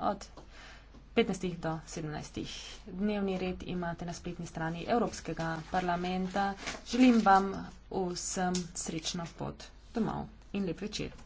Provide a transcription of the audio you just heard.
od 15. do 17. Dnevni red imate na spletni strani Evropskega parlamenta. Želim vam vsem srečno pot domov in lep večer.